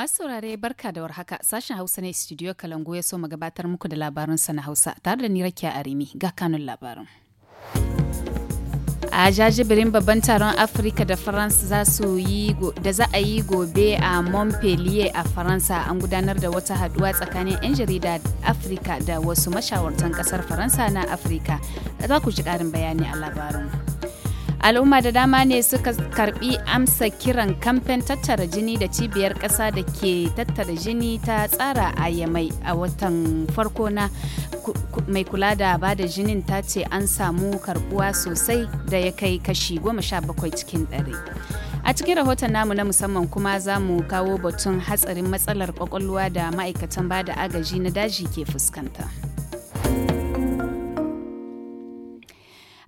Masu saurare barka da warhaka sashen Hausa ne studio kalangu ya so mu gabatar muku da labarin na Hausa tare da ni Rakiya Arimi ga kanun labarin. a jajibirin babban taron afirka da faransa za su yi da za a yi gobe a montpellier a faransa an gudanar da wata haduwa tsakanin 'yan jarida afirka da wasu mashawartan kasar faransa na afirka za ku ji karin bayani a labarin al'umma da dama ne suka karbi amsa kiran kamfen tattara jini da cibiyar ƙasa da ke tattara jini ta tsara a yamai a watan farko na mai kula da bada jinin ta ce an samu karbuwa sosai da ya kai kashi 17 cikin dare a cikin rahoton namu na musamman kuma za mu kawo batun hatsarin matsalar kwakwalwa da ma'aikatan bada agaji na daji ke fuskanta.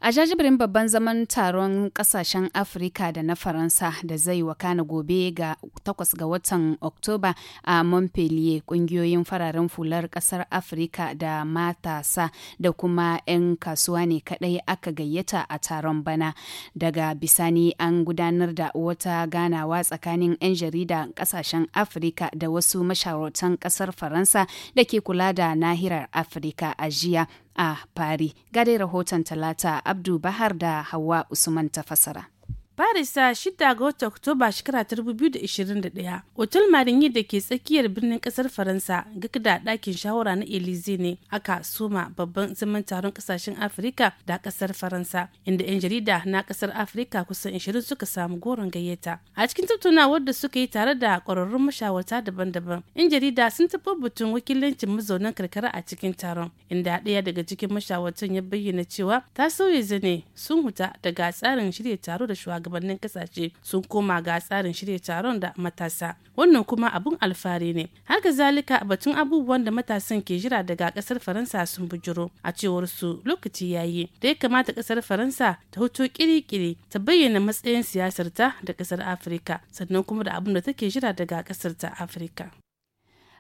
A jajibirin babban zaman taron kasashen Afrika da na Faransa da zai wakana gobe ga 8 ga watan Oktoba a Montpellier kungiyoyin fararen fular kasar Afrika da matasa da kuma 'yan kasuwa ne kadai aka gayyata a taron bana. Daga bisani an gudanar da wata ganawa tsakanin 'yan jarida kasashen Afrika da wasu masharautan kasar Faransa da ke kula da nahirar Afrika a jiya a ah, Paris. Gade rahoton Talata Abdu Bahar da Hawa Usman ta fasara. farisa 6 ga watan Oktoba shekara 2021, Otal Marigny da ke tsakiyar birnin kasar Faransa duk da ɗakin shawara na Elize ne aka soma babban zaman taron kasashen Afirka da kasar Faransa, inda 'yan jarida na kasar Afirka kusan 20 suka samu goron gayyata. A cikin tattaunawar da suka yi tare da ƙwararrun mashawarta daban-daban, 'yan jarida sun tafi batun wakilancin mazaunan karkara a cikin taron, inda ɗaya daga cikin mashawartan ya bayyana cewa ta sauya zane sun huta daga tsarin shirya taro da shuwa shugabannin kasashe sun koma ga tsarin shirya taron da matasa wannan kuma abun alfahari ne har haka zalika batun abubuwan da matasan ke jira daga kasar faransa sun bujiro a cewar su lokaci yayi da ya kamata kasar faransa ta hoto kirikiri ta bayyana matsayin siyasar ta da kasar afirka sannan kuma da abun da take jira daga kasar ta afirka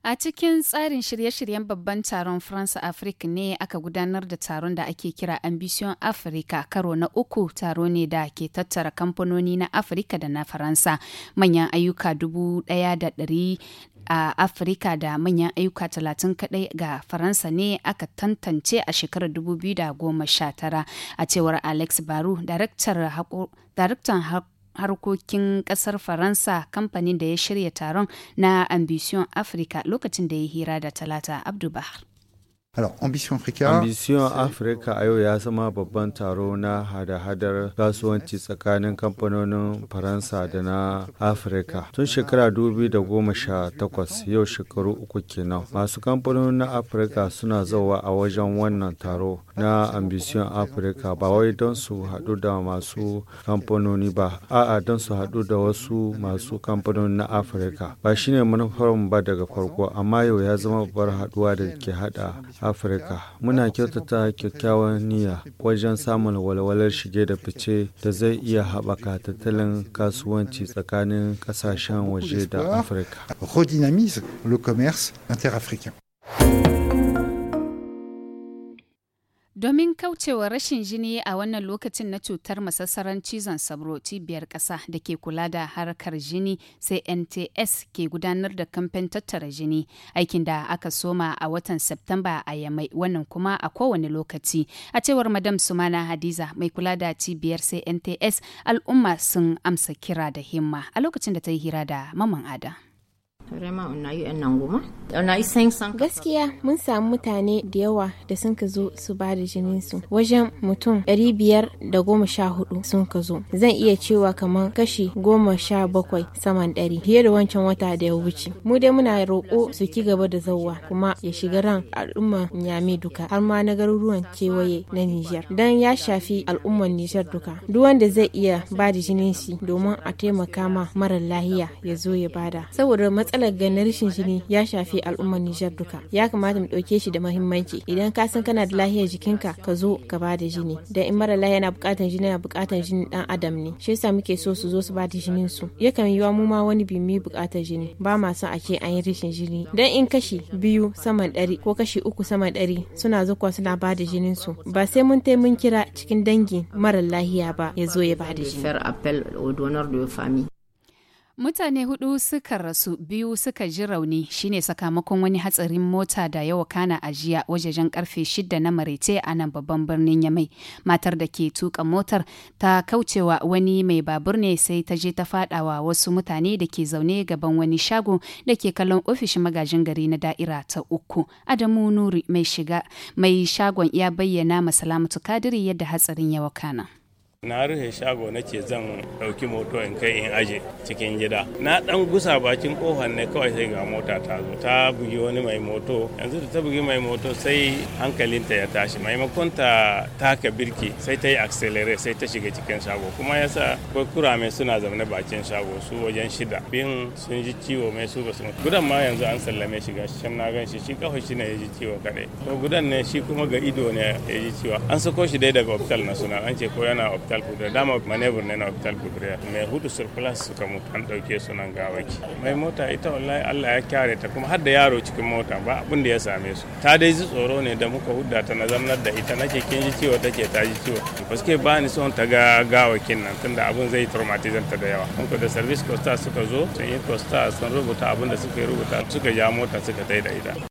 A cikin tsarin shirye-shiryen babban taron France Africa ne aka gudanar da taron da ake kira Ambition Africa karo na uku taro ne da ke tattara kamfanoni na Afirka da na Faransa manyan ayyuka dubu ɗaya da ɗari a Afirka da manyan ayyuka talatin kaɗai ga Faransa ne aka tantance a shekarar tara a cewar Alex Baru, daraktan harkokin kasar faransa kamfanin da ya shirya taron na ambition africa lokacin da ya hira da talata abdu bahar Alors, Ambition Africa. Ambition Africa a yau ya zama babban taro na hada-hadar kasuwanci tsakanin kamfanonin Faransa da na afirka Tun shekara goma sha takwas yau shekaru uku kenan. Masu kamfanonin na Afrika suna zawa a wajen wannan taro na Ambition Africa ba wai don su haɗu da masu kamfanoni ba, a'a don su haɗu da wasu masu kamfanoni na afirika Ba shine manufar mu ba daga farko, amma yau ya zama babbar haɗuwa da ke haɗa afirka muna kyautata kyakkyawan niyya wajen samun walwalar shige da fice da zai iya haɓaka tattalin kasuwanci tsakanin ƙasashen waje da afirka Domin kaucewa rashin jini a wannan lokacin na cutar masassaran cizon sabro cibiyar ƙasa da ke kula da harkar jini sai NTS ke gudanar da kamfen tattara jini aikin da aka soma a watan september a Yamai wannan kuma a kowane lokaci. A cewar Madam Sumana Hadiza mai kula da cibiyar sai NTS al'umma sun amsa kira da himma a lokacin da ta yi hira da Maman Ada. Gaskiya mun samu mutane da yawa da sun ka zo su ba da jinin su. wajen mutum 514 sun ka zo. Zan iya cewa kamar kashi 17 saman 100 fiye da wancan wata da ya wuce. Mu dai muna roƙo su ki gaba da zauwa kuma ya shiga ran al'umma Nyame duka har ma na garuruwan kewaye na Nijar. Dan ya shafi al'ummar Nijar duka. Duk wanda zai iya ba da jinin shi domin a taimaka ma mara lahiya ya zo ya bada. Saboda matsala matsalar ganin rashin jini ya shafi al'ummar Nijar duka. Ya kamata mu ɗauke shi da mahimmanci. Idan ka san kana da lahiyar jikinka ka zo ka ba da jini. Dan in mara lahiya yana buƙatar jini yana buƙatar jini dan adam ne. Shi yasa muke so su zo su ba da jinin su. ya kan yiwa mu ma wani bimi buƙatar jini. Ba ma son a an yi rashin jini. Dan in kashi biyu saman ɗari ko kashi uku saman ɗari suna zuwa suna ba da jinin su. Ba sai mun tai mun kira cikin dangi mara lahiya ba ya zo ya ba da jini. Mutane hudu suka rasu biyu suka ji rauni shine sakamakon wani hatsarin mota da yawa kana a jiya wajejen karfe shida na marite a nan babban birnin Yamai. Matar da ke tuka motar ta kaucewa wani mai babur ne sai ta je ta fadawa wasu mutane da ke zaune gaban wani shago da ke kallon ofishin magajin gari na da'ira ta uku. Adamu Nuri mai shiga mai shagon ya bayyana masalamatu kadiri yadda hatsarin yawa kana. na rufe shago na ce zan ɗauki moto in kai in aje cikin gida na ɗan gusa bakin ƙofar ne kawai sai ga mota ta zo ta bugi wani mai moto yanzu da ta bugi mai moto sai hankalinta ya tashi maimakon ta taka birki sai ta yi accelerate sai ta shiga cikin shago kuma yasa akwai kurame suna zaune bakin shago su wajen shida bin sun ji ciwo mai su ba gudan ma yanzu an sallame shi ga shan na gan shi shi kawai shi ne ya ji ciwo kaɗai to gudan ne shi kuma ga ido ne ya ji ciwo an sako shi dai daga hotel na suna an ce ko yana pour dire dama manevur ne na tal kudura mai hudu surplus suka mutu an dauke sunan nan gawaki mai mota ita wallahi Allah ya kare ta kuma har da yaro cikin mota ba abin da ya same su ta dai ji tsoro ne da muka hudda ta na zamnar da ita nake kin ji ciwo take ta ji ciwo suke ba ni son ta ga gawakin nan tunda abun zai traumatizan ta da yawa kun da service costa suka zo sai yi costa sun rubuta abin da suka rubuta suka ja mota suka tai da ita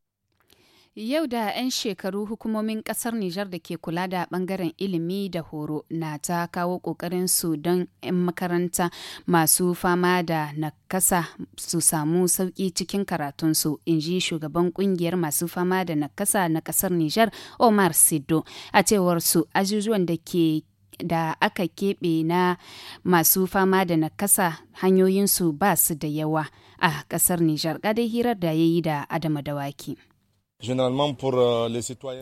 Yau da 'yan shekaru hukumomin ƙasar Nijar da ke kula da ɓangaren ilimi da horo na ta kawo ƙoƙarin su don 'yan makaranta masu fama da nakasa su samu sauƙi cikin karatunsu, in ji shugaban ƙungiyar masu fama da nakasa na ƙasar Nijar Omar Sido. A cewar su ajujuwan da ke da aka keɓe na masu fama da nakasa hanyoyinsu ba su da yawa a ƙasar Nijar. Ƙadai hirar da ya yi da Adama Dawaki. Euh,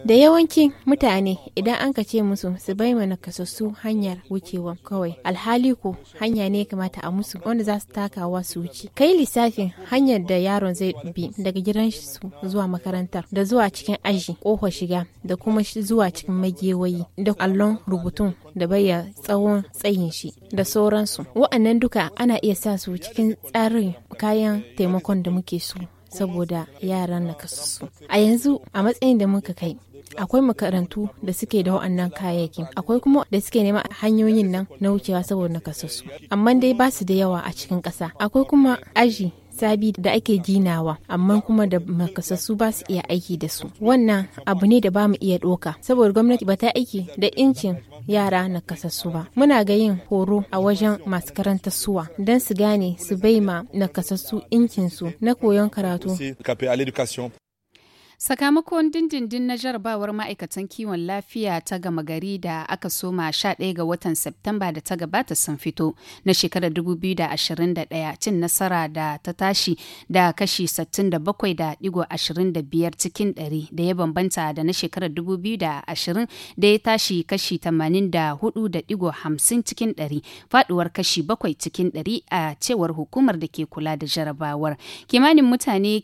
da yawancin mutane idan an ka ce musu su bai mana kasassu hanyar wucewa kawai alhali ko hanya ne kamata a musu wanda za su takawa su wuce. Kai lissafin hanyar da yaron zai bi daga gidan su zuwa makarantar da zuwa cikin aji ƙofa shiga da kuma zuwa cikin magewayi da allon rubutun da baya tsawon tsayin shi da sauransu. Wa'annan duka ana iya sa su cikin tsarin kayan taimakon da muke so. saboda yaran nakasassu. A yanzu a matsayin da muka kai akwai makarantu da suke da wa'annan kayayyakin akwai kuma da suke neman hanyoyin nan na wucewa saboda nakasassu amma dai ba su da yawa a cikin ƙasa akwai kuma aji sabi da ake ginawa amma kuma da makasassu ba su iya aiki da su wannan abu ne da ba mu iya doka saboda gwamnati ba ta aiki da incin yara nakasassu ba muna ga yin horo a wajen masu karanta suwa don su gane su bai ma nakasassu inkinsu na koyon karatu Sakamakon dindindin na jarabawar ma'aikatan kiwon lafiya ta gama gari da aka soma 11 ga watan Septemba da ta gabata sun fito na shekarar 2021 cin nasara da ta tashi da kashi 67.25 cikin 100 da ya bambanta da na shekarar 2020 da ya tashi kashi 84.50 cikin 100 faduwar kashi 7 cikin 100 a cewar hukumar da ke kula da jarabawar. Kimanin mutane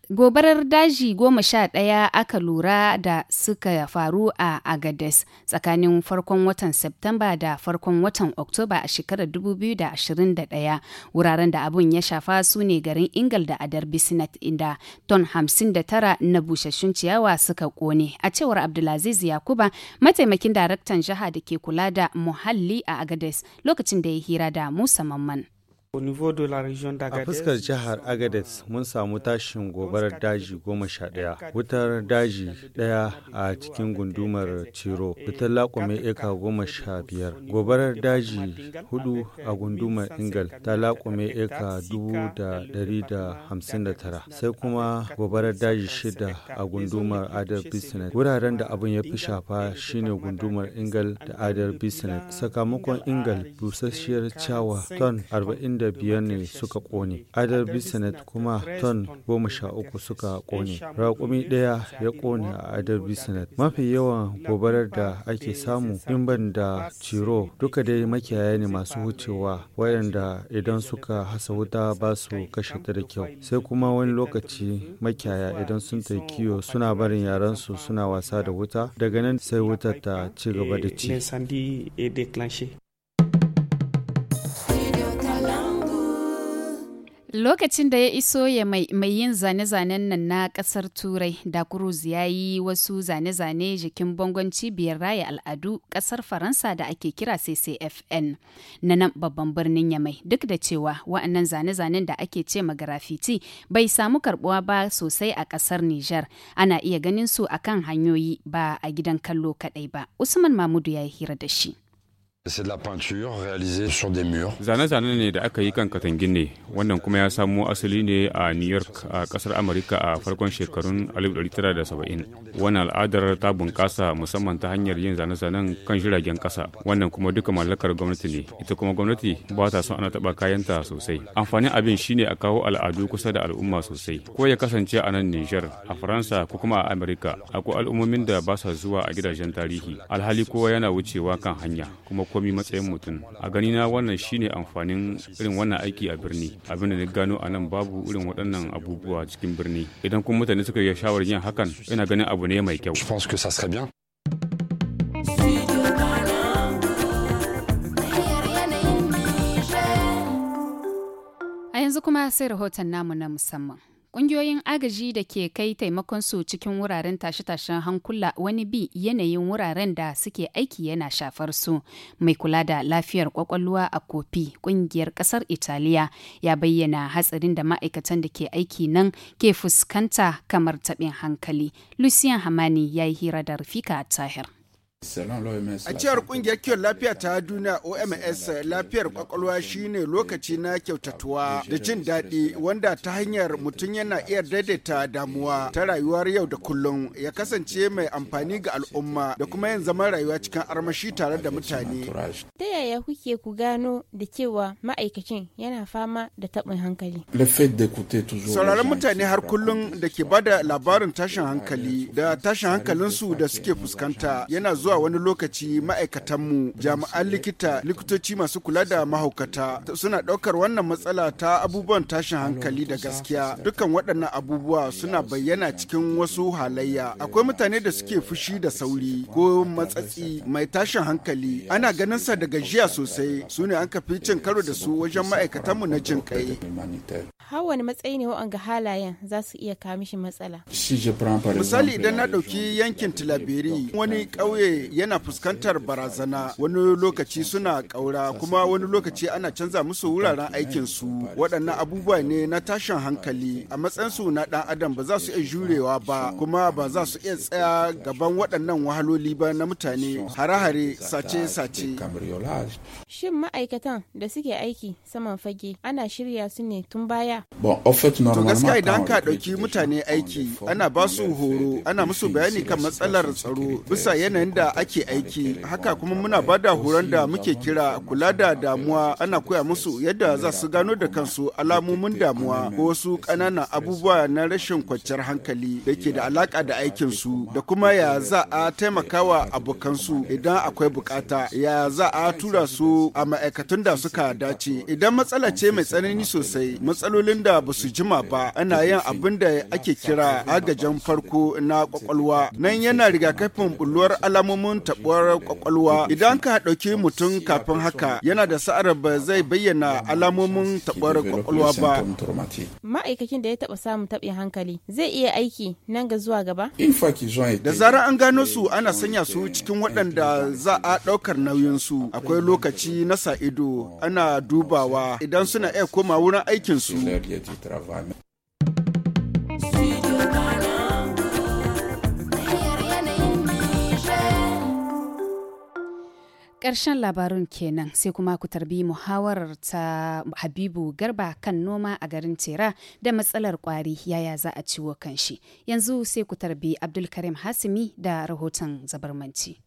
Gobarar daji goma sha ɗaya aka lura da suka faru a Agades tsakanin farkon watan Septemba da farkon watan Oktoba a shekarar 2021. Wuraren da abun ya shafa su ne garin Ingal da Adar Bisinat inda ton hamsin da tara na bushashun ciyawa suka kone. A cewar Abdulaziz Yakuba, mataimakin daraktan jiha da ke kula da muhalli a Agades lokacin da ya hira da Musa Mamman. A fuskar jihar Agadez mun samu tashin gobarar daji goma sha ɗaya, wutar daji ɗaya a cikin gundumar Ciro, wutar laƙume eka goma sha biyar. Gobarar daji hudu a gundumar Ingal ta laƙume eka dubu da dari da hamsin da tara, sai kuma gobarar daji shida a gundumar Adar bisnet Wuraren da abin ya fi shafa shine gundumar Ingal da Adar bisnet Sakamakon Ingal busasshiyar cawa ton arba'in biyar ne suka kone adar bisanet kuma ton goma sha uku suka kone raƙumi ɗaya ya kone a adar bisanet mafi yawan gobarar da ake samu in ban da ciro duka dai makiyaya ne masu wucewa wayanda idan suka hasa wuta ba su kashe ta da kyau sai kuma wani lokaci makiyaya idan sun ta kiyo suna barin yarensu suna wasa da wuta daga nan sai wutar ta ci gaba da ci Lokacin da ya iso ya mai, yin zane-zanen nan na kasar Turai, da Cruz ya yi wasu zane-zane jikin bangon cibiyar raya al'adu ƙasar Faransa da ake kira CCFN na nan babban birnin Yamai. Duk da cewa wa'annan zane-zanen da ake ce grafiti bai samu karbuwa ba sosai a ƙasar Nijar. Ana iya ganin su a kan hanyoyi ba a gidan kallo kaɗai ba. Usman mamudu ya yi hira da shi. Zane-zane zana ne da aka yi kan katangin ne, wannan kuma ya samo asali ne a New York a kasar Amurka a farkon shekarun 1970. Wannan al'adar ta bunƙasa musamman ta hanyar yin zane-zanen kan jiragen ƙasa, wannan kuma duka mallakar gwamnati ne, ita kuma gwamnati ba ta son ana taɓa kayanta sosai. Amfanin abin shine a kawo al'adu kusa da al'umma sosai, ko ya kasance a nan niger a Faransa ko kuma a Amurka, akwai al'ummomin da ba sa zuwa a gidajen tarihi, alhali kowa yana wucewa kan hanya, kuma komi matsayin mutum a na wannan shine amfanin irin wannan aiki a birni abin da na gano a nan babu irin waɗannan abubuwa cikin birni idan kuma mutane suka yi shawarar yin hakan ina ganin abu ne mai kyau a yanzu kuma sai rahoton namu na musamman Ƙungiyoyin agaji da ke kai taimakon su cikin wuraren tashe-tashen hankula wani bi yanayin wuraren da suke aiki yana shafar su. Mai kula da lafiyar kwakwalwa a kofi ƙungiyar ƙasar Italiya ya bayyana hatsarin da ma'aikatan da ke aiki nan ke fuskanta kamar taɓin hankali. Lucien Hamani ya yi hira da Rafika Tahir. A cewar kungiyar kiwon lafiya ta duniya OMS lafiyar kwakwalwa shine lokaci na kyautatuwa da jin daɗi wanda ta hanyar mutum yana iya daidaita damuwa ta rayuwar yau da kullum ya kasance mai amfani ga al'umma da kuma yin zaman rayuwa cikin armashi tare da mutane. Ta yaya kuke ku gano da cewa ma'aikacin yana fama da taɓin hankali? Sauraron mutane har kullum da ke bada labarin tashin hankali da tashin hankalinsu da suke fuskanta yana zuwa zuwa wani lokaci ma'aikatanmu jami'an likita likitoci masu kula da mahaukata suna ɗaukar wannan matsala ta abubuwan tashin hankali da gaskiya dukkan waɗannan abubuwa suna bayyana cikin wasu halayya akwai mutane da suke fushi da sauri ko matsatsi mai tashin hankali ana ganin sa da gajiya sosai su ne an kafi cin karo da su wajen ma'aikatanmu na jin kai har wani matsayi ne wa'anga halayen za su iya kamishi matsala misali idan na ɗauki yankin tilabiri wani ƙauye yana fuskantar barazana wani lokaci suna ƙaura kuma wani lokaci ana canza musu wuraren aikinsu waɗannan abubuwa ne na tashin hankali a matsayinsu na ɗan adam ba za su iya jurewa ba kuma ba za su iya tsaya gaban waɗannan wahaloli ba na mutane hare-hare sace-sace. Shin ma'aikatan da suke aiki saman fage ana shirya su ne tun baya? To gaskiya idan ka ɗauki mutane aiki ana ba su horo ana musu bayani kan matsalar tsaro bisa yanayin da ake aiki haka kuma muna ba da horon da muke kira kula da damuwa ana koya musu yadda za su gano da kansu alamomin damuwa ko wasu ƙananan abubuwa na rashin kwanciyar hankali da ke da alaka da aikinsu da kuma ya za a taimakawa abokansu idan akwai bukata ya za a tura su a ma'aikatan da suka dace idan matsala ce mai tsanani sosai matsalolin da ba su jima ba ana yin abin da ake kira agajen farko na kwakwalwa nan yana rigakafin bulluwar alamomin alamomin tabuwar kwakwalwa idan ka ɗauki mutum kafin haka yana da sa'ar ba zai bayyana alamomin tabuwar kwakwalwa ba Ma'aikacin da ya taɓa samun taɓin hankali zai iya aiki nan ga zuwa gaba da zarar an gano su ana sanya su cikin waɗanda za a ɗaukar nauyinsu akwai lokaci na sa ido ana dubawa idan suna iya koma wurin aikinsu karshen labarun kenan sai kuma ku tarbi muhawarar ta Habibu Garba kan noma a garin Tera da matsalar kwari yaya za a ciwo kan shi. Yanzu sai ku tarbi Abdulkarim Hasimi da rahoton zabarmanci.